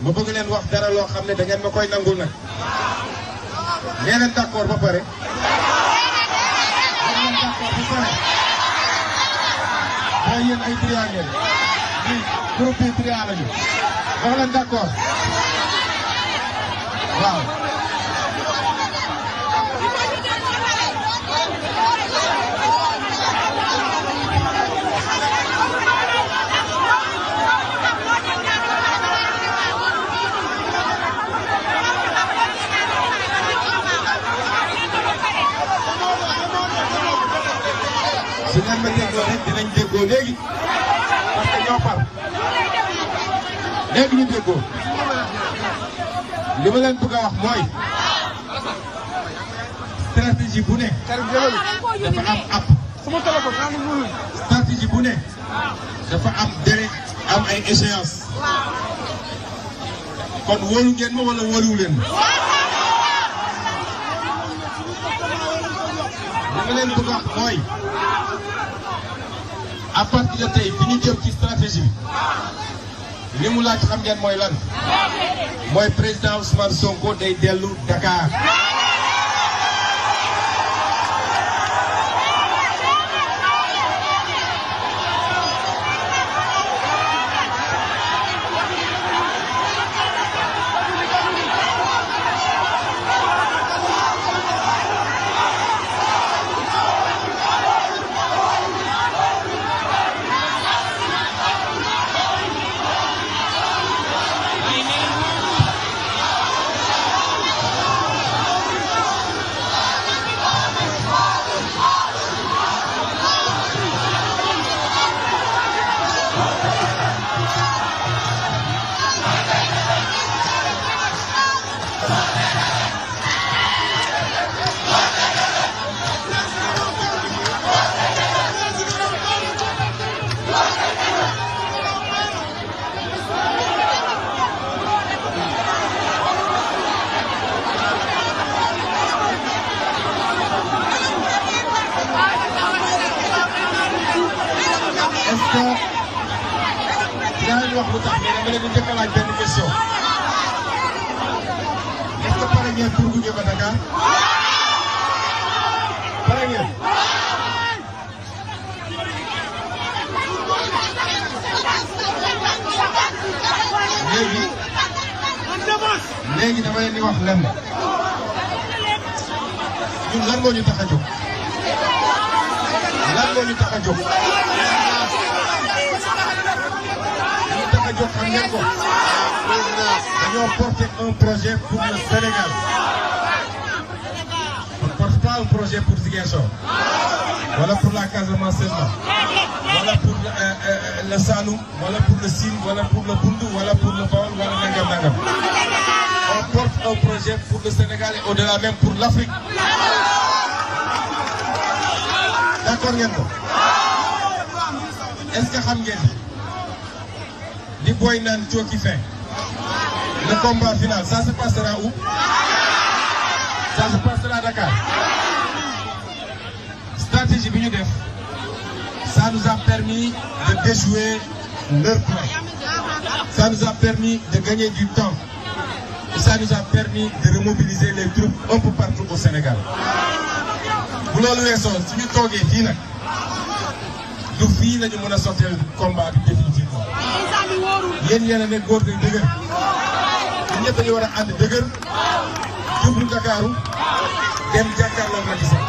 ma bëgg leen wax dara loo xam ne da ngeen ma koy nangul nag nee na d'accord ba pare. ba pare. waaye yéen ay triant ngeen. ñun groupe bi triant leen d'accord waaw. su ngeen ma déggoo rek dinañ déggoo léegi parce que ñoo léegi ñu déggoo li ma leen bëgg a wax mooy stratégie bu ne dafa am app stratégie bu ne dafa am délai am ay échéance kon wóolu ngeen ma wala wóoluwu leen ma li ma leen bëgg wax mooy à partir de tey bi ñu jëm ci stratégie bi li mu laaj xam ngeen mooy lan mooy président Ousmane Sonko day dellu Dakar. ñu wax lu tax mais dama leen di benn question est-ce que pare ngeen pour gunge ba Dakar pare ngeen. léegi léegi dama leen wax lenn ñun lan moo ñu tax a jóg lan moo ñu tax a jóg. ko xam ngeen ko dañoo porter un projet pour le Sénégal on porte pas un projet pour Ziguinchor wala pour la Casamance seulement wala pour euh, euh, le Saloum wala pour le Sine wala pour le Bundu wala pour le Baol wala nangam nangam on porte un projet pour le Sénégal et au-delà même pour l'Afrique d'accord ngeen ko est-ce que xam ngeen di boy naan cooki fin le combat final ça se passera où ça se passera Dakar stratégie bi def ça nous a permis de déjouer leur plan ça nous a permis de gagner du temps et nous a permis de remobiliser les troupes un peu partout au Sénégal bu loolu weesoo suñu toogee fii nag du fii la ñu mën a sotteel combat bi définitif yéen yéen a ne góor gi dëgër ñëpp dañu war a ànd dëgër jublu Ndakaaru dem jàkkaarloo Macky Sall